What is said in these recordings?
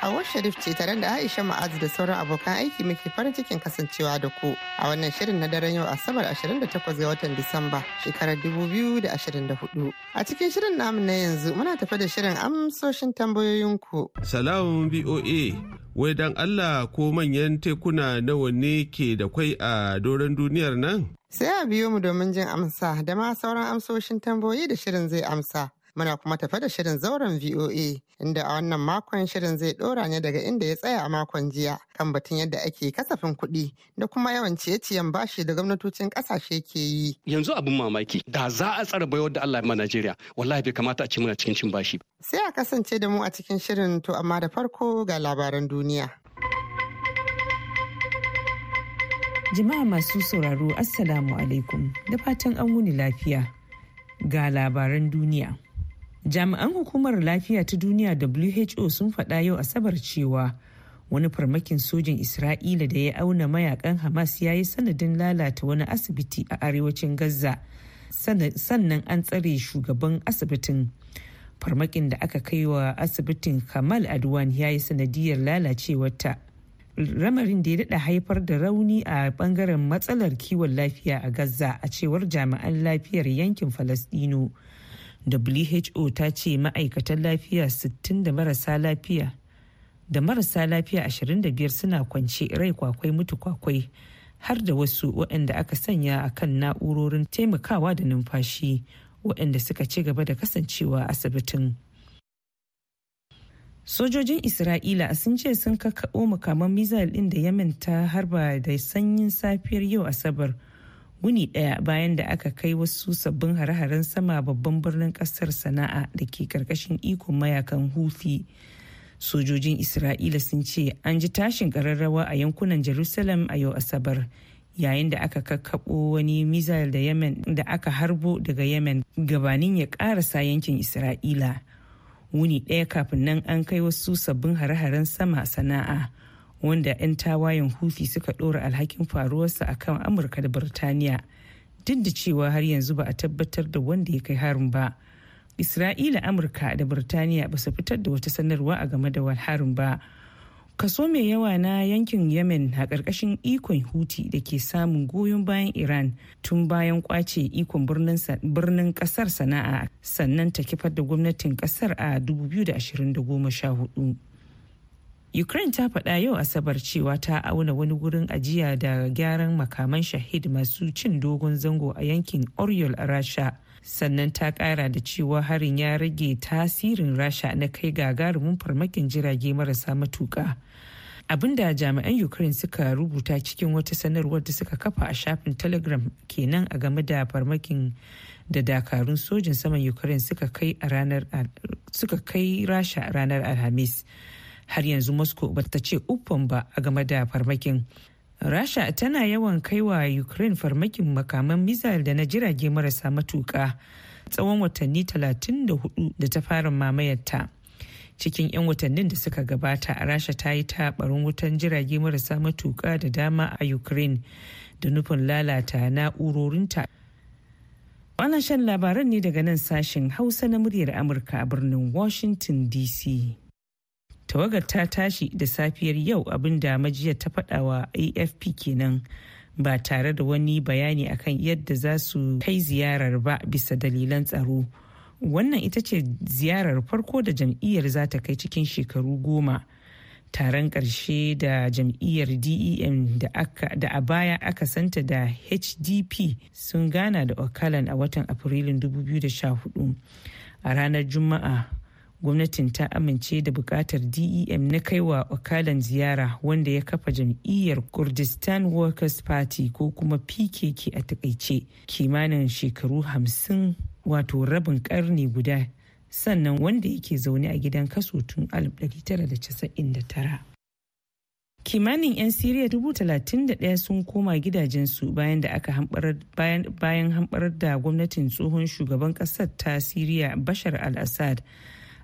Awo Sharif ce tare da Aisha Ma'azu da sauran abokan aiki muke farin cikin kasancewa da ku a wannan shirin na daren yau Asabar 28 ga watan Disamba shekarar 2024. A cikin shirin namu na yanzu muna tafi da shirin amsoshin tambayoyinku. Salamun BOA wai dan Allah ko manyan tekuna nawa ne ke da kwai a doron duniyar nan? Sai a biyo mu domin jin amsa da ma sauran amsoshin tambayoyi da shirin zai amsa. Muna kuma tafe da shirin zauren VOA inda a wannan makon shirin zai ɗora ne daga inda ya tsaya a makon jiya kan batun yadda ake kasafin kuɗi da kuma yawan ciye-ciyen bashi da gwamnatocin ƙasashe ke yi. Yanzu abin mamaki da za a tsara baiwar da Allah ma Najeriya wallahi bai kamata a ce muna cikin cin bashi. Sai a kasance da mu a cikin shirin to amma da farko ga labaran duniya. Jama'a masu sauraro Assalamu alaikum da fatan an wuni lafiya ga labaran duniya. jami'an hukumar lafiya ta duniya who sun faɗa yau asabar cewa wani farmakin sojin isra'ila da ya auna mayakan hamas ya yi sanadin lalata wani asibiti a arewacin gaza sannan an tsare shugaban asibitin farmakin da aka kai wa asibitin kamal adwan ya yi sanadiyar lalacewarta ramarin da ya daɗa haifar da rauni a bangaren matsalar kiwon lafiya a gaza a cewar jami'an lafiyar yankin falasdino who ta ce ma'aikatan lafiya 60 da marasa lafiya da marasa lafiya 25 suna kwance rai kwakwai mutu kwakwai har da wasu waɗanda aka sanya a kan na'urorin taimakawa da numfashi waɗanda suka ci gaba da kasancewa asibitin. Sojojin Isra'ila sun ce sun kakao makaman mizal ɗin da ya ta harba da sanyin safiyar yau Asabar wuni ɗaya bayan da aka kai wasu sabbin hare-haren sama babban birnin ƙasar sana'a da ke ƙarƙashin ikon mayakan hufi sojojin isra'ila sun ce an ji tashin kararrawa a yankunan jerusalem a yau asabar yayin da aka kakkaɓo wani mizal da yemen da aka harbo daga yemen gabanin ya sa yankin isra'ila wuni ɗaya kafin nan an kai wasu sabbin hare-haren sama sana'a wanda 'yan tawayen hufi suka ɗora alhakin faruwarsa a kan amurka da birtaniya duk da cewa har yanzu ba a tabbatar da wanda ya kai harin ba isra'ila amurka da birtaniya ba su fitar da wata sanarwa a game da harin ba kaso mai yawa na yankin yemen a ƙarƙashin ikon huti da ke samun goyon bayan iran tun bayan kwace ikon birnin ƙasar sana'a sannan ta kifar da gwamnatin ƙasar a 2014 Ukraine ta faɗa yau Asabar cewa ta auna wani wurin ajiya da gyaran makaman shahid masu cin dogon zango a yankin Oriol a Rasha. Sannan ta ƙara da cewa harin ya rage tasirin Rasha na kai gagarumin farmakin jirage marasa matuƙa. da jami'an Ukraine suka rubuta cikin wata sanarwar da suka kafa a shafin Telegram kenan a game da farmakin da dakarun sojin saman Ukraine suka kai rasha ranar Alhamis. har yanzu moscow ba ta ce uffan ba a game da farmakin rasha tana yawan kaiwa ukraine farmakin makaman misal da na jirage marasa matuka tsawon watanni 34 da ta fara mamayarta cikin 'yan watannin da suka gabata rasha ta yi taɓarun wutan jirage marasa matuka da dama a ukraine da nufin lalata na'urorinta wannan shan labaran ne daga nan sashen hausa na muryar amurka a birnin washington dc tawagar ta tashi da safiyar yau abin abinda majiya ta faɗawa afp kenan ba tare da wani bayani akan yadda za su kai ziyarar ba bisa dalilan tsaro wannan ita ce ziyarar farko da jam'iyyar za ta kai cikin shekaru goma taron ƙarshe da jam'iyyar dem da a baya aka santa da hdp sun gana da okalan a watan afrilun 2014 a ranar juma'a gwamnatin ta amince da bukatar dem na kaiwa wakalan ziyara wanda ya kafa jam'iyyar kurdistan workers party ko kuma pkk a takaice kimanin shekaru hamsin wato rabin karni guda sannan wanda yake zaune a gidan kaso tun 1999 kimanin 'yan siriya 31 sun koma gidajensu bayan da aka bayan hamɓarar da gwamnatin tsohon shugaban ƙasar ta siriya bashar al-assad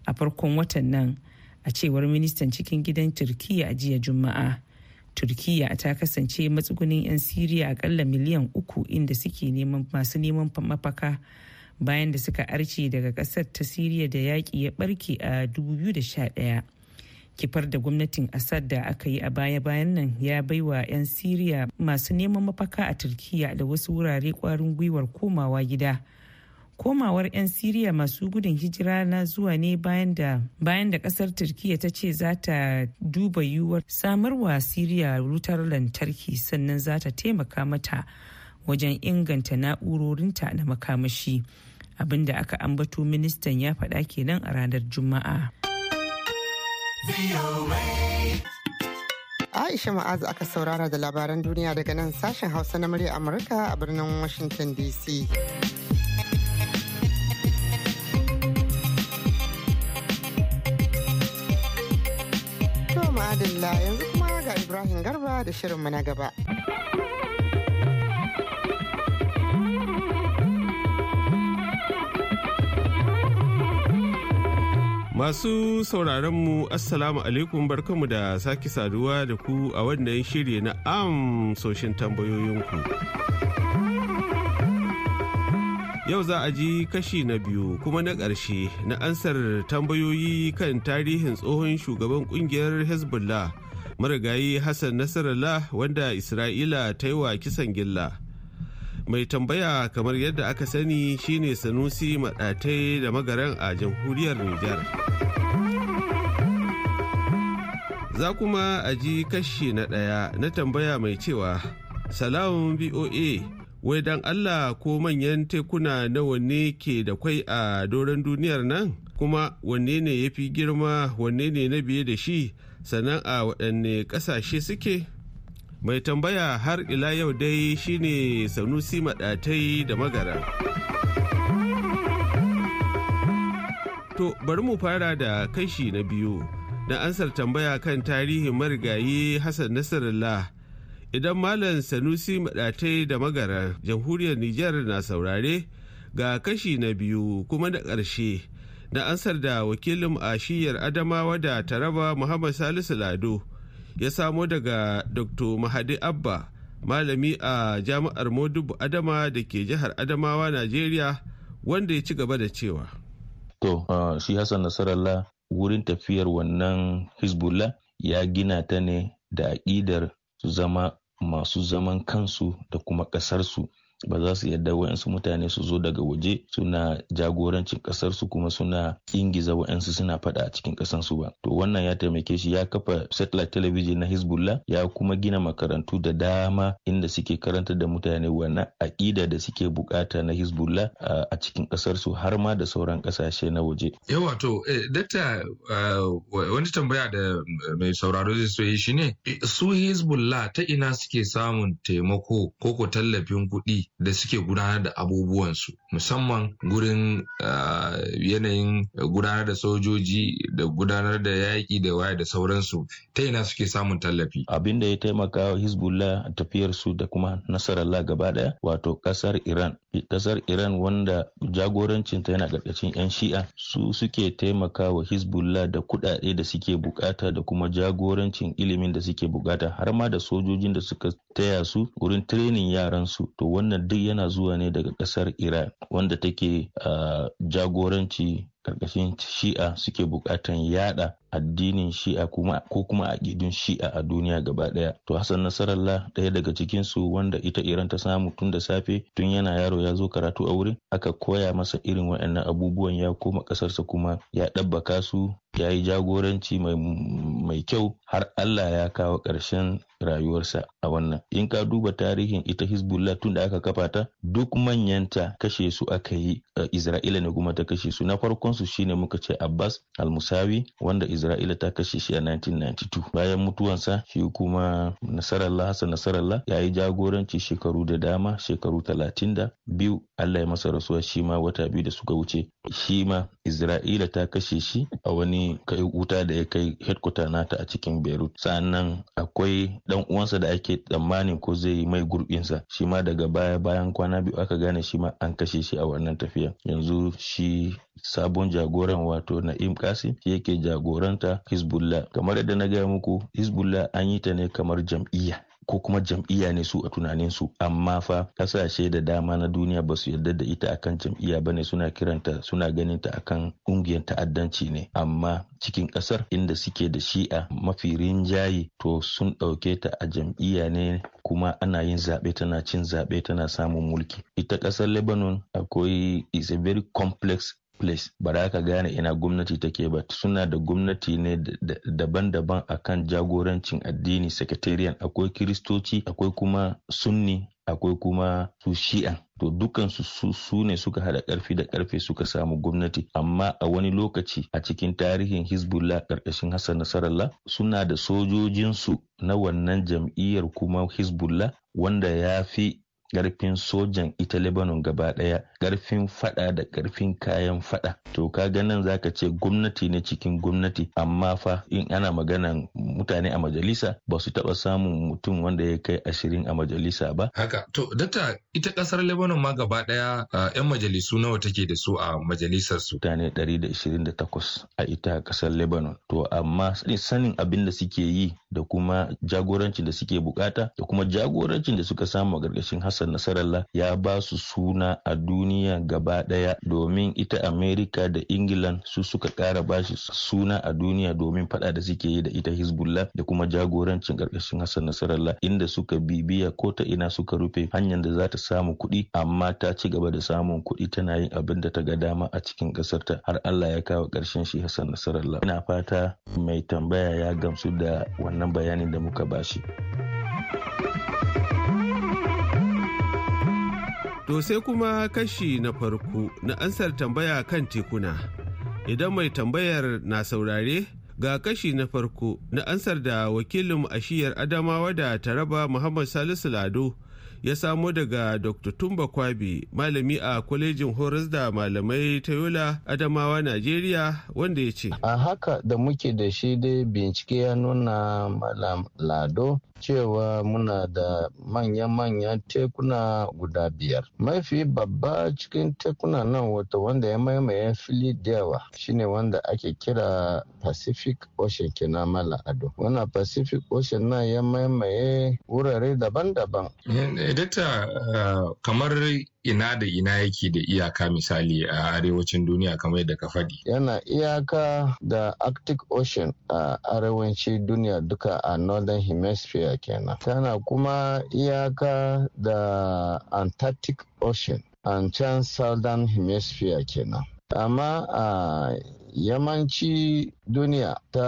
a farkon watan nan a cewar ministan cikin gidan turkiya jiya juma'a turkiya ta kasance matsugunin 'yan siriya akalla miliyan uku inda suke neman masu neman mafaka bayan da suka arce daga kasar ta siriya da yaƙi ya barke a 2011 kifar da gwamnatin assad da aka yi a baya-bayan nan ya baiwa 'yan siriya masu neman mafaka a turkiya da wasu wurare kwarin gwiwar komawa gida komawar 'yan siriya masu gudun hijira na zuwa ne bayan da bayan da kasar turkiya ta ce za ta duba yiwuwar samarwa siriya wutar lantarki sannan za ta taimaka mata wajen inganta na'urorinta na makamashi abinda aka ambato ministan ya faɗa kenan a ranar juma'a aisha ma'azu aka saurara da labaran duniya daga nan sashen hausa na murya amurka a birnin washington dc Madalla yanzu kuma ga Ibrahim Garba da shirinmu na gaba. Masu sauraronmu Assalamu alaikum barkanmu da sake saduwa da ku a wannan shirye na amsoshin tambayoyinku. Yau za a ji kashi na biyu kuma na ƙarshe na ansar tambayoyi kan tarihin tsohon shugaban ƙungiyar Hezbollah marigayi Hassan Nasarallah wanda Isra'ila ta yi wa kisan gilla. Mai tambaya kamar yadda aka sani shine Sanusi Maɗatai da magaran a jamhuriyar Nijar. Za kuma a ji kashi na ɗaya na tambaya mai cewa, Salamun BOA wai dan allah ko manyan tekuna na wanne ke da kwai a doron duniyar nan kuma wanne ne ya fi girma wanne ne na biye da shi sannan a waɗanne ƙasashe suke mai tambaya har ila yau dai shine sanusi maɗatai da magara to bari mu fara da kashi na biyu na ansar tambaya kan tarihin marigayi hassan nasarallah idan malam sanusi madatai da magara jamhuriyar nijar na saurare ga kashi na biyu kuma na ƙarshe na ansar da wakilin ashiyar adamawa da taraba muhammad salisu lado ya samo daga dr mahadi abba malami a jami'ar modubu adama da ke jihar adamawa najeriya wanda ya ci gaba da cewa to shi hassan nasarallah wurin tafiyar wannan hezbollah ya gina ta ne da aƙidar su zama masu zaman kansu da kuma ƙasarsu. ba za su yarda wa'yansu mutane su zo daga waje suna jagorancin kasar kuma suna ingiza wa'yansu suna fada a cikin ƙasarsu ba to wannan ya taimake shi ya kafa satellite television na hezbollah ya kuma gina makarantu da dama inda suke karanta da mutane wannan aƙida da suke bukata na hezbollah a cikin kasar su har ma da sauran kasashe na waje yawa to eh, dakta wani tambaya da mai sauraro zai so yi shi ne? su hezbollah ta ina suke samun taimako ko ko tallafin kuɗi da suke gudanar da abubuwansu. musamman gurin ah, yanayin gudanar da sojoji da gudanar da yaƙi da waya da sauransu ta ina suke samun tallafi. Abin da ya taimaka wa Hezbollah tafiyarsu da kuma Nasarallah gaba ɗaya wato ƙasar Iran. Ƙasar Iran wanda jagorancinta yana ƙarƙashin 'yan shi'a su suke taimaka wa Hezbollah da kuɗaɗe da suke buƙata da kuma jagorancin ilimin da suke buƙata har ma da sojojin da suka taya su wurin tirenin yaransu to wannan duk yana zuwa ne daga ƙasar Iran. wanda take ah, jagoranci karkashin shi'a suke bukatan yada addinin shi'a kuma ko kuma aƙidun shi'a a duniya gaba ɗaya to hassan nasarallah ɗaya daga cikin su wanda ita iran ta samu tun da safe tun yana yaro ya zo karatu a wurin aka koya masa irin waɗannan abubuwan ya koma ƙasarsa kuma ya ɗabbaka su ya yi jagoranci mai kyau har Allah ya kawo ƙarshen rayuwarsa a wannan. In ka duba tarihin ita Hezbollah tun da aka kafa ta duk manyanta kashe su aka yi Isra'ila ne kuma ta kashe su. Na farkon su shine muka ce Abbas al-Musawi wanda isra'ila ta kashe shi a 1992 bayan mutuwansa shi kuma nasarallah hassan nasarallah ya yi jagoranci shekaru da dama shekaru talatin da biyu allah ya masa rasuwa shi ma wata biyu da suka wuce shi ma isra'ila ta kashe shi a wani kai wuta da ya kai headquarter nata a cikin beirut sannan akwai dan uwansa da ake tsammanin ko zai yi mai gurbinsa shi ma daga baya bayan kwana biyu aka gane shi ma an kashe shi a wannan tafiya yanzu shi sabon jagoran wato na'im kasim shi yake jagoranta hezbollah kamar yadda na gaya muku hezbollah an yi ta ne kamar jam'iyya ko kuma jam'iyya ne su a tunanin su amma fa kasashe da dama na duniya ba su yarda da ita akan jam'iyya bane suna kiranta suna ganin ta akan kungiyar ta'addanci ne amma cikin kasar inda suke da shi'a mafi rinjaye to sun ɗauke ta a jam'iyya ne kuma ana yin zaɓe tana cin zaɓe tana samun mulki ita ƙasar lebanon akwai is a very complex place ba za ka gane ina gwamnati take ba suna da gwamnati ne daban-daban kan jagorancin addini secretarian akwai kiristoci akwai kuma sunni akwai kuma su shi'a to dukansu su, su ne suka hada karfi da karfe suka samu gwamnati amma a wani lokaci a cikin tarihin hezbollah karkashin hassan nasarallah suna da sojojinsu na wannan jam'iyyar kuma hezbollah wanda ya fi ƙarfin sojan ita lebanon gaba ɗaya ƙarfin fada da ƙarfin kayan fada to ka nan zaka ce gwamnati ne cikin gwamnati amma fa in ana magana mutane a majalisa ba su taɓa samun mutum wanda ya kai ashirin a majalisa ba haka to dakta ita ƙasar lebanon ma gaba ɗaya yan majalisu nawa take da su a majalisar su mutane 128 a ita ƙasar lebanon to amma sanin abin da suke yi da kuma jagorancin da suke bukata da kuma jagorancin da suka samu a gargashin Hassan Nasarallah ya ba su suna a duniya gaba daya domin ita Amerika da England su suka kara ba shi suna a duniya domin fada da suke yi da ita Hezbollah da kuma jagorancin gargashin Hassan Nasarallah inda suka bibiya ko ta ina suka rufe hanyar da za ta samu kuɗi amma ta ci gaba da samun kuɗi tana yin abin da ta ga dama a cikin ƙasarta har Allah ya kawo ƙarshen shi Hassan Nasarallah ina fata mai tambaya ya gamsu da wannan wannan bayanin da muka bashi. To sai kuma kashi na farko na ansar tambaya kan tekuna. Idan mai tambayar na saurare ga kashi na farko na ansar da wakilin ashiyar Adamawa da Taraba Muhammad Salisu Lado ya samo daga dr tumba kwabi malami a kwalejin horas da malamai ta yola adamawa najeriya wanda ya ce a haka da muke da shi dai bincike ya nuna malam lado cewa muna da manya-manyan tekuna guda biyar. Mafi babba cikin tekuna nan wato wanda ya maimaye fili da yawa shine wanda ake kira Pacific Ocean kenan mala ado. Wana Pacific Ocean na ya maimaye wurare daban-daban. Edita eh, eh, eh, kamar ina da ina yake da iyaka misali a arewacin duniya kamar yadda ka faɗi. Yana iyaka da Arctic Ocean a arewacin duniya duka a Northern Hemisphere kenan. Tana kuma iyaka da Antarctic Ocean a can Southern Hemisphere kenan. amma a yamanci duniya ta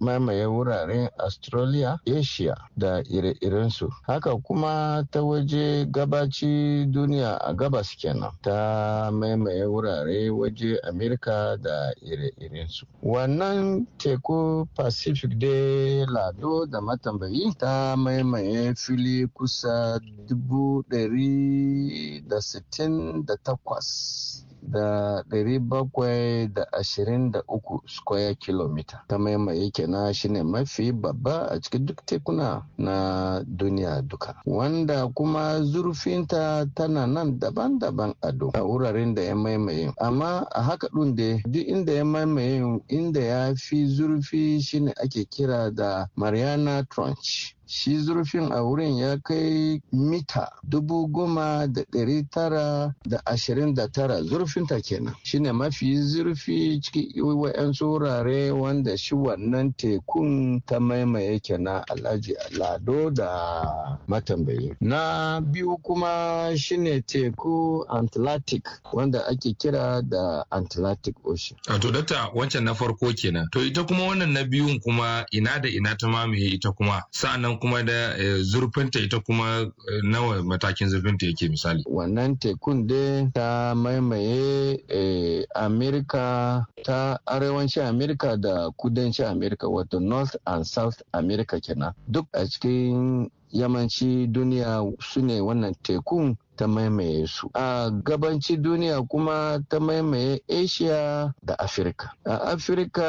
maimaye wuraren australia asia da ire-irensu haka kuma ta waje gabaci duniya a gabas kenan ta maimaye wurare waje amerika da ire-irensu wannan teku pacific de lado da matambayi ta maimaye fili kusa 168 da ɗari bakwai da ashirin da uku square kilometer ta maimaye kenan shine mafi babba a cikin duk tekuna na duniya duka wanda kuma zurfinta tana nan daban-daban a a wuraren da ya maimaye amma a haka ɗin da duk inda ya maimaye inda ya fi zurfi shine ake kira da mariana trench shi zurfin a wurin ya kai mita dubu goma da ɗari tara da ashirin da tara zurfinta kenan shine mafi zurfi cikin wa'yansu wurare wanda shi wannan tekun ta maimaye kenan alhaji alado da matambayi na biyu kuma shine teku atlantic wanda ake kira da atlantic ocean a to data wancan na farko kenan to ita kuma wannan na biyun kuma ina da ina ta mamaye ita kuma sa'annan kuma da eh, zurfinta ita kuma eh, nawa matakin zurfinta yake misali. Wannan tekun dai ta maimaye eh, Amerika ta arewacin Amerika da Kudanci Amerika wato North and South America kenan. Duk a cikin yamanci duniya su ne wannan tekun ta maimaye su a gabanci duniya kuma ta maimaye asia da afirka a afirka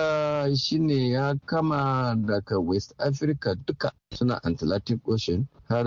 shine ya kama daga west africa duka suna atlantic ocean har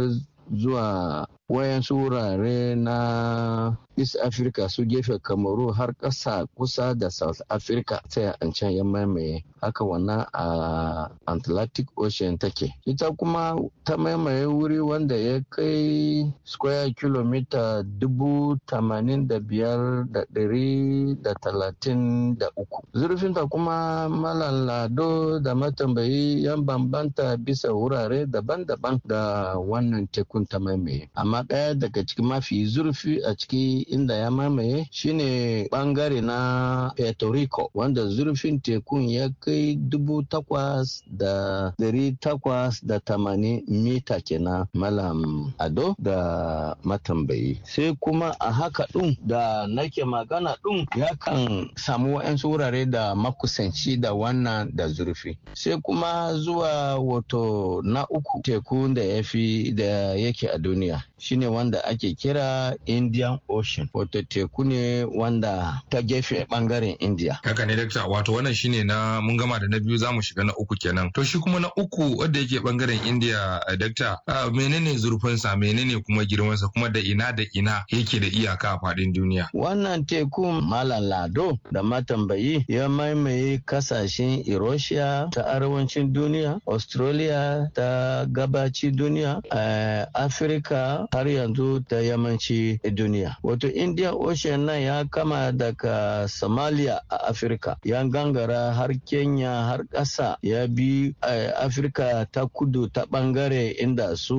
zuwa wayansu wurare na East Africa su gefe Kamaru har ƙasa kusa da South Africa sai an can ya maimaye haka wannan a Atlantic Ocean take. Ita kuma ta maimaye wuri wanda ya kai square kilomita dubu tamanin da biyar da ɗari da talatin da uku. Zurfinta kuma malalado da matambayi yan bambanta bisa wurare daban-daban da wannan teku hukunta mamaye amma ɗaya daga cikin mafi zurfi a ciki inda ya mamaye shine bangare na puerto rico wanda zurfin tekun ya kai dubu takwas da dari takwas da tamanin mita kenan malam ado da matambayi sai kuma a haka ɗin da nake magana ɗin ya kan samu wa'yansu wurare da makusanci da wannan da zurfi sai kuma zuwa wato na uku tekun da ya fi da ya yake a duniya shine wanda ake kira Indian Ocean wato teku ne wanda ta gefe bangaren India. Haka ne dakta wato wannan shine na mun gama da na biyu za mu shiga na uku kenan. To shi kuma na uku wanda yake bangaren India eh, dakta menene zurfin sa menene kuma girman sa kuma da ina da ina yake da iyaka a fadin duniya. Wannan tekun Malam Lado da matambayi ya maimaye kasashen Eurasia ta arewacin duniya, Australia ta gabaci duniya, eh, afirka har yanzu ta yamanci duniya wato indian ocean nan ya kama daga somalia a afirka ya gangara har kenya har kasa ya bi eh, afirka ta kudu ta bangare inda su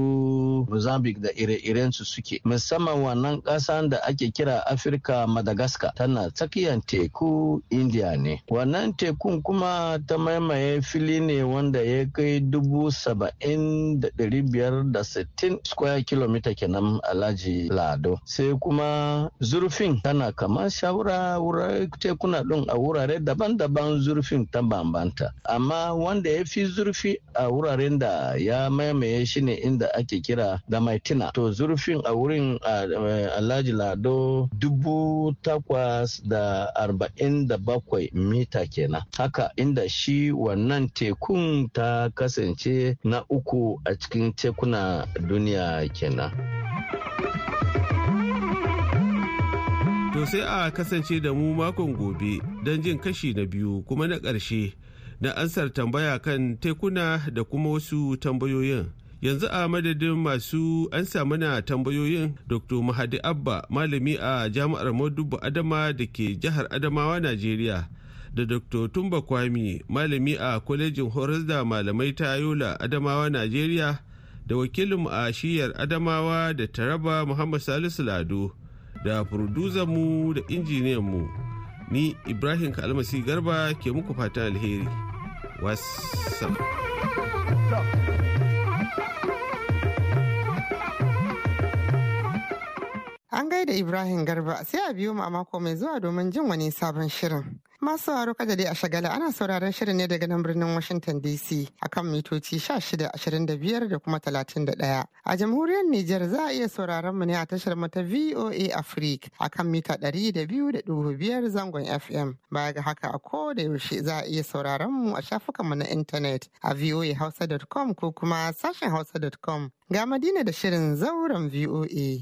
mozambique da ire-irensu suke musamman wannan ƙasan da ake kira afirka madagascar tana tsakiyar teku india ne wannan tekun kuma ta maimaye fili ne wanda ya kai dubu saba'in da ɗari biyar da sittin square kilometer kenan alhaji lado sai kuma zurfin tana kamar shawura wurare tekuna din a wurare daban-daban zurfin ta bambanta amma wanda ya fi zurfi a wuraren da ya maimaye shi ne inda ake kira da maitina to zurfin a wurin eh, alhaji lado dubu takwas da arba'in da bakwai mita kenan haka inda shi wannan tekun ta kasance na uku a cikin tekuna duniya duniya kenan. To sai a kasance da mu makon gobe don jin kashi na biyu kuma na ƙarshe na ansar tambaya kan tekuna da kuma wasu tambayoyin. yanzu a madadin masu an samu na tambayoyin dr mahadi abba malami a jami'ar modubu adama da ke jihar adamawa najeriya da dr tumba kwami malami a kwalejin horas da malamai ta yola adamawa najeriya da wakilinmu a shiyar adamawa da taraba muhammad salisu lado da mu da injiniyan mu ni ibrahim kalmasi garba ke muku fatan alheri wasu An gaida Ibrahim Garba sai a biyo mu a mako mai zuwa domin jin wani sabon shirin. Masu haro kada dai a shagala ana sauraron shirin ne daga nan birnin Washington DC akan mitoci 1625 da kuma 31. A jamhuriyar Nijar za a iya sauraron mu ne a tashar mata VOA Africa akan mita 200.5 zangon FM. Baya ga haka a ko da yaushe za a iya sauraron mu a shafukan mu na intanet a voahausa.com ko kuma sashen hausa.com. Ga Madina da shirin zauren VOA.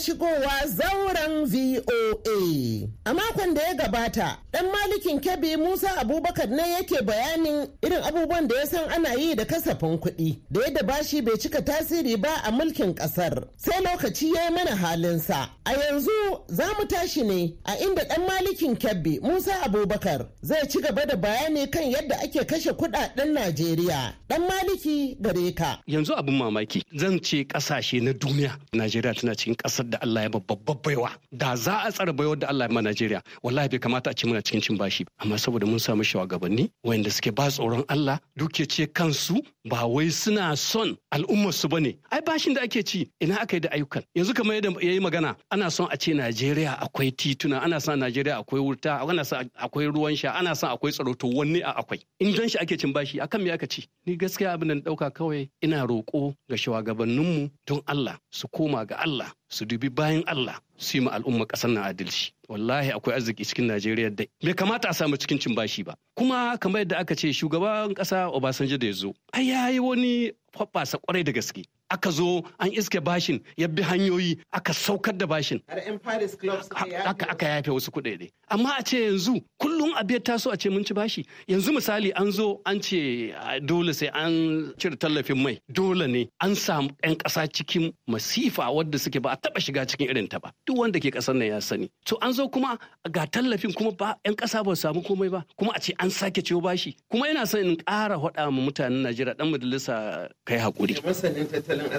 shigowa zauren VOA. A makon da ya gabata, ɗan malikin Kebbi Musa Abubakar ne yake bayanin irin abubuwan da ya san ana yi da kasafin kuɗi, da yadda bashi bai cika tasiri ba a mulkin ƙasar. Sai lokaci ya yi mana halinsa. A yanzu za mu tashi ne a inda ɗan malikin Kebbi Musa Abubakar zai ci gaba da bayani kan yadda ake kashe kuɗaɗen Najeriya. Ɗan maliki gare ka. Yanzu abin mamaki zan ce ƙasashe na duniya Najeriya tana cikin ƙasar da Allah ya babbar baiwa da za a tsara baiwar da Allah ya ma Najeriya wallahi bai kamata a ci muna cikin cin bashi amma saboda mun samu shugabanni wayanda suke ba tsoron Allah duke ce kansu ba wai suna son al'ummar su bane ai bashin da ake ci ina aka yi da ayyukan yanzu kamar yadda yayi magana ana son a ce Najeriya akwai tituna ana son Najeriya akwai wuta ana son akwai ruwan sha ana son akwai tsaro to wanne a akwai in don shi ake cin bashi akan me aka ci ni gaskiya abin da dauka kawai ina roko ga shugabanninmu don Allah su koma ga Allah su dubi bayan Allah su yi ma al'umma ƙasar nan adalci wallahi akwai arziki cikin Najeriya da bai kamata a samu cikin cin bashi ba kuma kamar yadda aka ce shugaban ƙasa Obasanjo da ya zo ai yi wani faɓasa kwarai da gaske aka zo an iske bashin ya bi hanyoyi aka saukar da bashin aka yafe wasu kuɗaɗe amma a ce yanzu kullum abe taso a ce mun ci bashi yanzu misali an zo an ce dole sai an cire tallafin mai dole ne an samu 'yan ƙasa cikin masifa wadda suke ba a taba shiga cikin irin ta ba duk wanda ke ƙasar nan ya sani to an zo kuma ga tallafin kuma ba 'yan ƙasa ba samu komai ba kuma a ce an sake ciwo bashi kuma yana son in ƙara faɗa ma mutanen najeriya ɗan majalisa kai hakuri.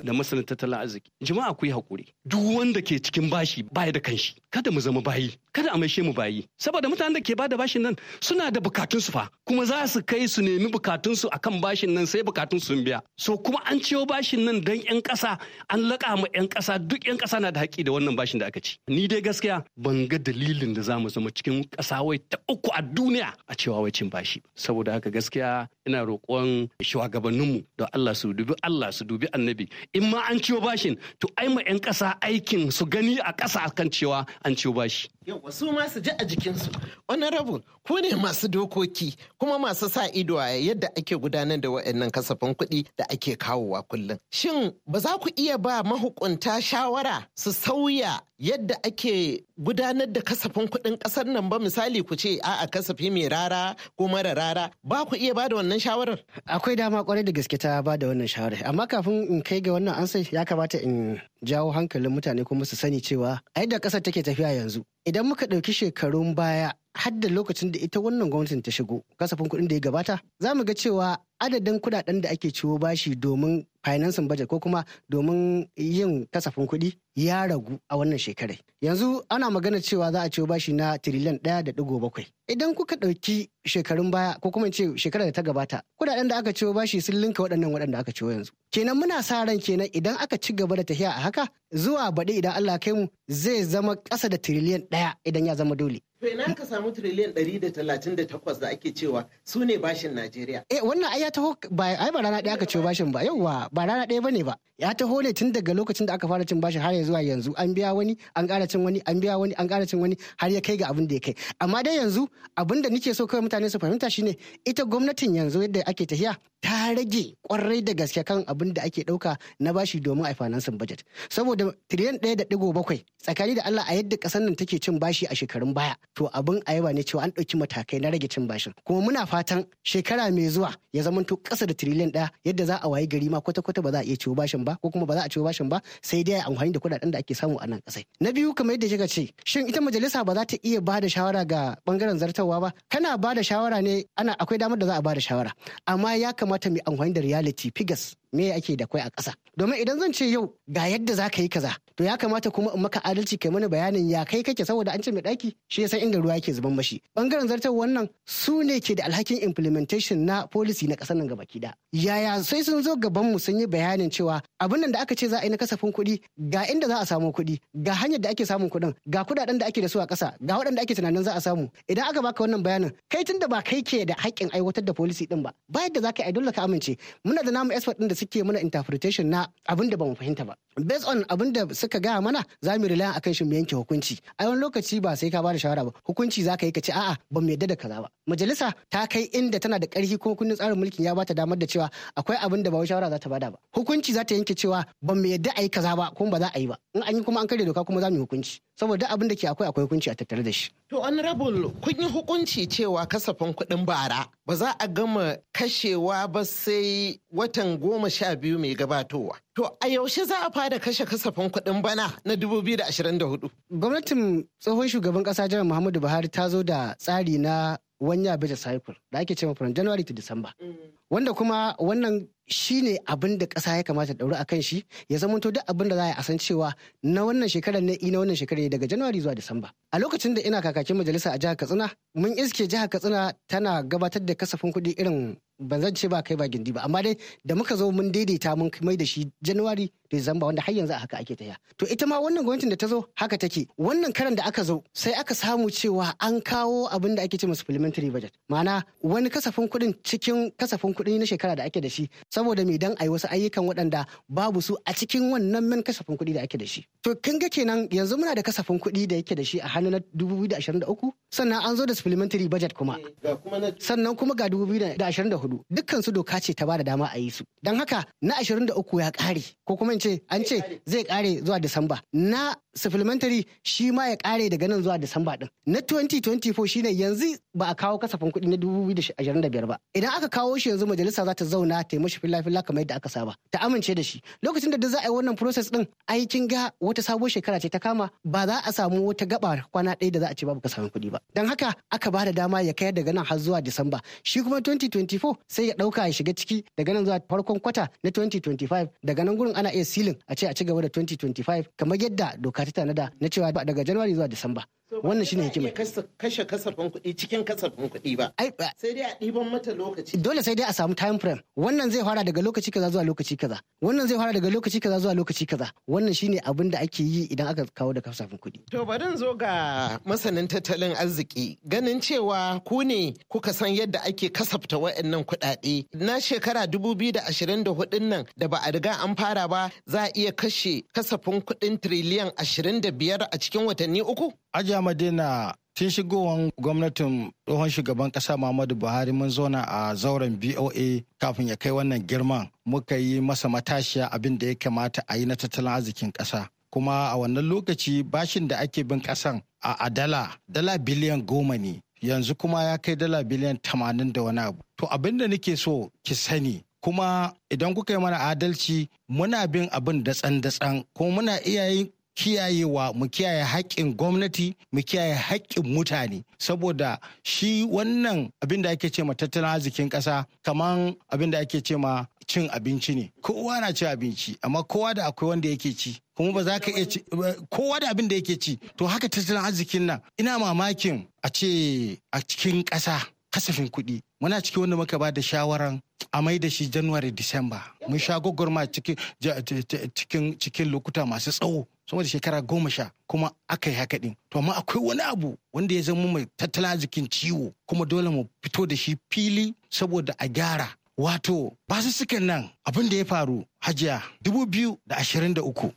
da masanin tattalin arziki jama'a ku yi hakuri duk wanda ke cikin bashi baya da kanshi kada mu zama bayi kada a maishe mu bayi saboda mutanen da ke bada bashin nan suna da bukatun su fa kuma za su kai su nemi bukatun su akan bashin nan sai bukatun sun biya so kuma an ciyo bashin nan dan yan kasa an laka ma yan kasa duk yan kasa na da haƙƙi da wannan bashin da aka ci ni dai gaskiya ban ga dalilin da za mu zama cikin kasa wai ta uku a duniya a cewa wai cin bashi saboda haka gaskiya ina roƙon shugabanninmu don Allah su dubi Allah su dubi annabi in ma an ciwo bashin to ai ma 'yan ƙasa aikin su gani a ƙasa kan cewa an ciwo bashi. Yau su ma su ji a jikinsu. Honorable, ku ne masu dokoki kuma masu sa ido a yadda ake gudanar da wa'annan kasafin kuɗi da ake kawowa kullum. Shin ba za ku iya ba mahukunta shawara su sauya yadda ake gudanar da kasafin kuɗin ƙasar nan ba misali ku ce a'a kasafi mai rara ko mara rara ba ku iya ba da wannan shawarar? Akwai dama kwarai da gaske ta ba da wannan shawarar amma kafin in kai ga wannan sai ya kamata in jawo hankalin mutane kuma su sani cewa a yadda ƙasar take tafiya yanzu idan muka ɗauki shekarun baya hadda lokacin da ita wannan gwamnatin ta shigo kasafin kuɗin da ya gabata za mu ga cewa adadin kuɗaɗen da ake ciwo bashi domin financing budget ko kuma domin yin kasafin kuɗi ya ragu a wannan shekarai yanzu ana magana cewa za a ciwo bashi na tiriliyan ɗaya da ɗigo bakwai idan kuka ɗauki shekarun baya ko kuma ce shekarar da ta gabata kuɗaɗen da aka ciwo bashi sun linka waɗannan waɗanda aka ciwo yanzu kenan muna sa ran kenan idan aka ci gaba da tafiya a haka zuwa baɗi idan Allah kai mu zai zama ƙasa da tiriliyan ɗaya idan ya zama dole To ina ka samu triliyan ɗari da talatin da da takwas ake cewa su ne bashin Najeriya. Eh wannan ai ya taho ba ai ba rana ɗaya aka cewa bashin ba yauwa ba rana ɗaya bane ba. Ya taho ne tun daga lokacin da aka fara cin bashin har zuwa yanzu an biya wani an ƙara cin wani an biya wani an ƙara cin wani har ya kai ga abin da ya kai. Amma dai yanzu abin da nake so kawai mutane su fahimta shine ita gwamnatin yanzu yadda ake tahiya ta rage kwarai da gaske kan abin da ake ɗauka na bashi domin a finansin budget. Saboda triliyan ɗaya da ɗigo bakwai tsakani da Allah a yadda ƙasar nan take cin bashi a shekarun baya to abin a yaba ne cewa an ɗauki matakai na rage cin bashin kuma muna fatan shekara mai zuwa ya zamanto ƙasa da tiriliyan ɗaya yadda za a wayi gari ma kwata-kwata ba za a iya ciwo bashin ba ko kuma ba za a ciwo bashin ba sai dai amfani da kuɗaɗen da ake samu a nan ƙasai na biyu kamar yadda kika ce shin ita majalisa ba za ta iya ba da shawara ga bangaren zartarwa ba kana ba da shawara ne ana akwai damar da za a ba da shawara amma ya kamata mu amfani da reality figures me ake da kwai a ƙasa domin idan zan ce yau ga yadda za ka yi kaza to ya kamata kuma in maka adalci kai mana bayanin ya kai kake saboda an ce mai daki shi ya san inda ruwa yake zuban mashi bangaren zartar wannan su ne ke da alhakin implementation na policy na ƙasar nan gaba kida. yaya sai sun zo gaban mu sun yi bayanin cewa abin nan da aka ce za a yi na kasafin kuɗi ga inda za a samu kuɗi ga hanyar da ake samun kuɗin ga kuɗaɗen da ake da su a ƙasa ga waɗanda ake tunanin za a samu idan aka baka wannan bayanin kai tun da ba kai ke da haƙƙin aiwatar da policy din ba ba yadda za ka yi dole ka amince muna da namu expert din da suke mana interpretation na abin da bamu fahimta ba based on abin da suka gaya mana za mu rely akan shi mu yanke hukunci a wani lokaci ba sai ka bada shawara ba hukunci za ka yi ka ce a'a ba mu yadda da kaza ba majalisa ta kai inda tana da karfi kuma kundin tsarin mulkin ya bata damar da cewa akwai abin da ba shawara za ta bada ba hukunci za ta yanke cewa ba mu yadda a yi kaza ba kuma ba za a yi ba in an yi kuma an karya doka kuma za mu yi hukunci saboda abin da ke akwai akwai hukunci a tattare da shi. To honorable kun yi hukunci cewa kasafin kuɗin bara ba za a gama kashewa ba sai watan goma sha biyu mai gabatowa. To a yaushe za a fara kashe kasafin kuɗin bana na 2024? Gwamnatin tsohon shugaban ƙasa jihar Muhammadu Buhari ta zo da tsari na one year budget cycle da ake cewa from January to December. Mm. wanda kuma wannan shi ne abin da ƙasa ya kamata ɗauri a kan shi ya zamanto duk abin da za a san cewa na wannan shekarar ne na wannan shekarar daga januari zuwa disamba a lokacin da ina kakakin majalisa a jihar katsina mun iske jihar katsina tana gabatar da kasafin kuɗi irin ban zan ce ba kai ba gindi ba amma dai da muka zo mun daidaita mun mai da shi januari Disamba wanda har yanzu haka ake ta To ita ma wannan gwamnatin da ta zo haka take. Wannan karan da aka zo sai aka samu cewa an kawo abin da ake ce supplementary budget. Ma'ana wani kasafin kuɗin cikin kasafin kuɗi na shekara da ake da shi saboda me dan ayi wasu ayyukan waɗanda babu su a cikin wannan min kasafin kuɗi da ake da shi. To kin ga kenan yanzu muna da kasafin kuɗi da yake da shi a hannu na 2023 sannan an zo da supplementary budget kuma. Eh, sannan kuma ga 2024 dukkan su doka ce ta ba da dama a yi su. Don haka na 23 ya ƙare ko kuma ce an ce zai kare zuwa Disamba. Na supplementary shi ma ya kare daga nan zuwa Disamba din. Na 2024 shine yanzu ba a kawo kasafin kuɗi na 2025 ba. Idan aka kawo shi yanzu majalisa za ta zauna ta yi mashi filla kamar yadda aka saba. Ta amince da shi. Lokacin da duk za a yi wannan process din aikin kin ga wata sabuwar shekara ce ta kama ba za a samu wata gaba kwana ɗaya da za a ce babu kasafin kuɗi ba. Don haka aka ba da dama ya kai daga nan har zuwa Disamba. Shi kuma 2024 sai ya ɗauka ya shiga ciki daga nan zuwa farkon kwata na 2025 daga nan gurin ana iya silin a ce a ci gaba da 2025 kamar yadda doka doka ta tanada na cewa daga Januwari zuwa Disamba wannan shine hikima kashe kasafin kuɗi cikin kasafin kuɗi ba sai dai a ɗiban mata lokaci dole sai dai a samu time frame wannan zai fara daga lokaci kaza zuwa lokaci kaza wannan zai fara daga lokaci kaza zuwa lokaci kaza wannan shine abin da ake yi idan aka kawo da kasafin kuɗi to bari zo ga masanin tattalin arziki ganin cewa ku ne kuka san yadda ake kasafta wa'annan kuɗaɗe na shekara 2024 nan da ba a riga an fara ba za a iya kashe kasafin kuɗin triliyan 25 a cikin watanni uku Aja Madina tun shigowar gwamnatin tsohon shugaban kasa Muhammadu Buhari mun zauna a zauren BOA kafin ya kai wannan girman muka yi masa matashiya abin da ya kamata a yi na tattalin arzikin kasa. Kuma a wannan lokaci bashin da ake bin kasan a dala, dala biliyan goma ne. Yanzu kuma ya kai dala biliyan tamanin da wani abu. To abin da nake so ki sani kuma idan kuka yi mana adalci muna bin abin datsan-datsan kuma muna iya yin kiyayewa mu kiyaye haƙƙin gwamnati mu kiyaye haƙƙin mutane saboda shi wannan abin da ake ce ma tattalin arzikin ƙasa kaman abin da ake ce ma cin abinci ne kowa na cin abinci amma kowa da akwai wanda yake ci kuma ba za ka iya ci kowa da abin da yake ci to haka tattalin arzikin nan ina mamakin a ce a cikin ƙasa kasafin kuɗi muna cikin wanda muka ba da shawaran a mai da shi january disamba mun sha gwagwarma cikin lokuta masu tsawo sama da shekara goma sha kuma aka yi haka ɗin to amma akwai wani abu wanda ya zama mai tattala jikin ciwo kuma dole mu fito da shi fili saboda a gyara wato basussukan nan abin da ya faru hajiya dubu biyu da ashirin da uku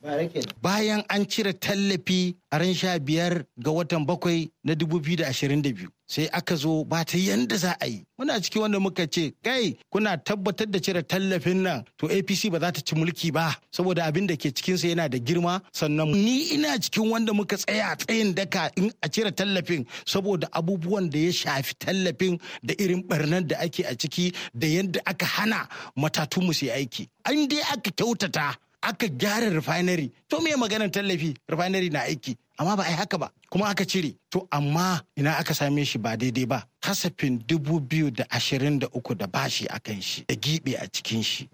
bayan an cire tallafi a ran sha biyar ga watan bakwai na dubu biyu da ashirin da biyu sai aka zo ba ta yanda za a yi muna ciki wanda muka ce kai kuna tabbatar da cire tallafin nan to apc ba za ta ci mulki ba saboda abin da ke cikinsa yana da girma sannan ni ina cikin wanda muka tsaya tsayin daka in a cire tallafin saboda abubuwan da ya shafi tallafin da irin barnan da ake a ciki da yadda aka hana matatu mu su aiki an dai aka kyautata aka gyara refinery to me maganar tallafi refinery na aiki amma ba a haka ba kuma aka cire to amma ina aka same shi ba daidai ba kasafin dubu biyu da ashirin da uku da bashi a kan shi da gibe a cikin shi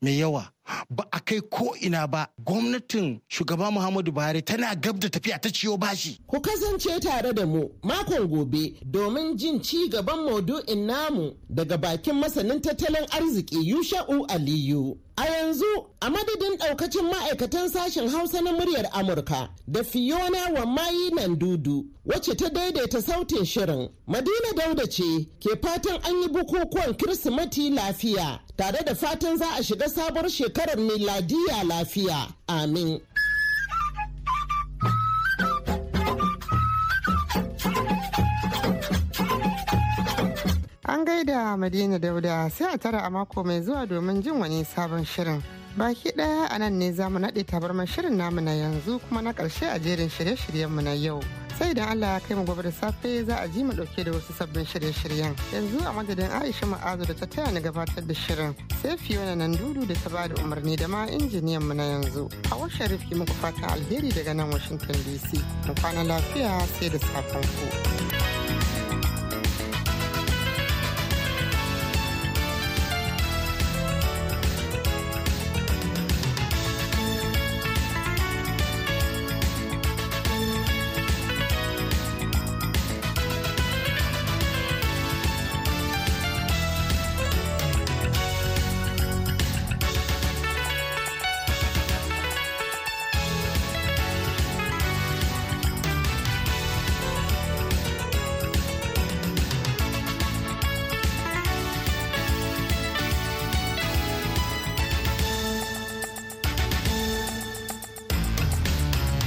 mai yawa ba a kai ko ina ba gwamnatin shugaba muhammadu buhari tana gab da tafiya ta ciyo bashi ku kasance tare da mu makon gobe domin jin ci gaban maudu'in namu daga bakin masanin tattalin arziki yusha'u aliyu a yanzu a madadin daukacin ma'aikatan sashen hausa na muryar amurka da fiona wammayi nan dudu wacce ta daidaita sautin shirin madina dauda ce ke fatan an yi bukukuwan kirsimati lafiya tare da fatan za a shiga sabuwar shekarar miladiya lafiya amin an gaida madina dauda sai a tara a mako mai zuwa domin jin wani sabon shirin baki daya a nan ne za mu naɗe tabarmar shirin namu na yanzu kuma na ƙarshe a jerin shirye-shiryenmu na yau sai da Allah ya kai mu gobe da safe za a ji mu dauke da wasu sabbin shirye-shiryen yanzu a madadin Aisha Ma'azu da ta taya ni gabatar da shirin sai Fiona nan dudu da ta bada umarni da ma injiniyan mu na yanzu Hawa Sharif ki muku fatan alheri daga nan Washington DC mu kwana lafiya sai da safen ku.